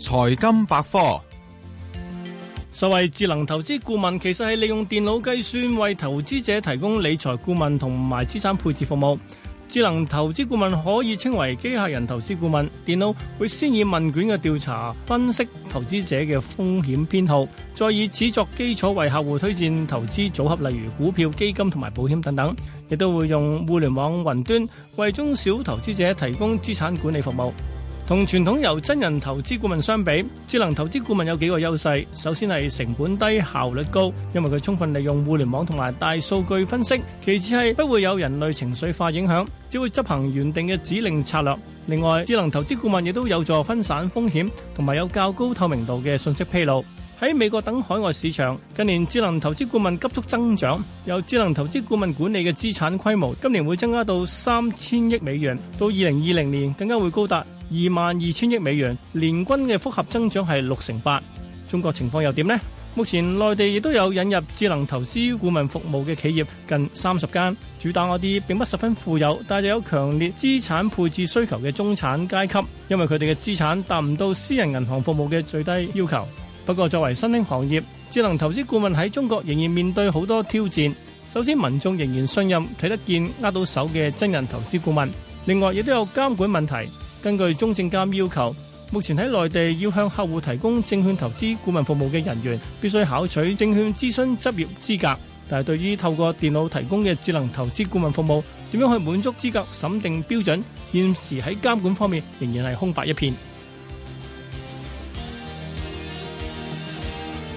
財金百科，所謂智能投資顧問，其實係利用電腦計算為投資者提供理財顧問同埋資產配置服務。智能投資顧問可以稱為機械人投資顧問，電腦會先以問卷嘅調查分析投資者嘅風險偏好，再以此作基礎為客戶推薦投資組合，例如股票、基金同埋保險等等。亦都會用互聯網雲端為中小投資者提供資產管理服務。同傳統由真人投資顧問相比，智能投資顧問有幾個優勢。首先係成本低、效率高，因為佢充分利用互聯網同埋大數據分析；其次係不會有人類情緒化影響，只會執行原定嘅指令策略。另外，智能投資顧問亦都有助分散風險，同埋有較高透明度嘅信息披露。喺美國等海外市場，近年智能投資顧問急速增長，由智能投資顧問管理嘅資產規模今年會增加到三千億美元，到二零二零年更加會高達二萬二千億美元，年均嘅複合增長係六成八。中國情況又點呢？目前內地亦都有引入智能投資顧問服務嘅企業近三十間，主打嗰啲並不十分富有，但有強烈資產配置需求嘅中產階級。因為佢哋嘅資產達唔到私人銀行服務嘅最低要求。不過，作為新興行業，智能投資顧問喺中國仍然面對好多挑戰。首先，民眾仍然信任睇得見握到手嘅真人投資顧問。另外，亦都有監管問題。根據中證監要求，目前喺內地要向客戶提供證券投資顧問服務嘅人員，必須考取證券諮詢執業資格。但係對於透過電腦提供嘅智能投資顧問服務，點樣去滿足資格審定標準？現時喺監管方面仍然係空白一片。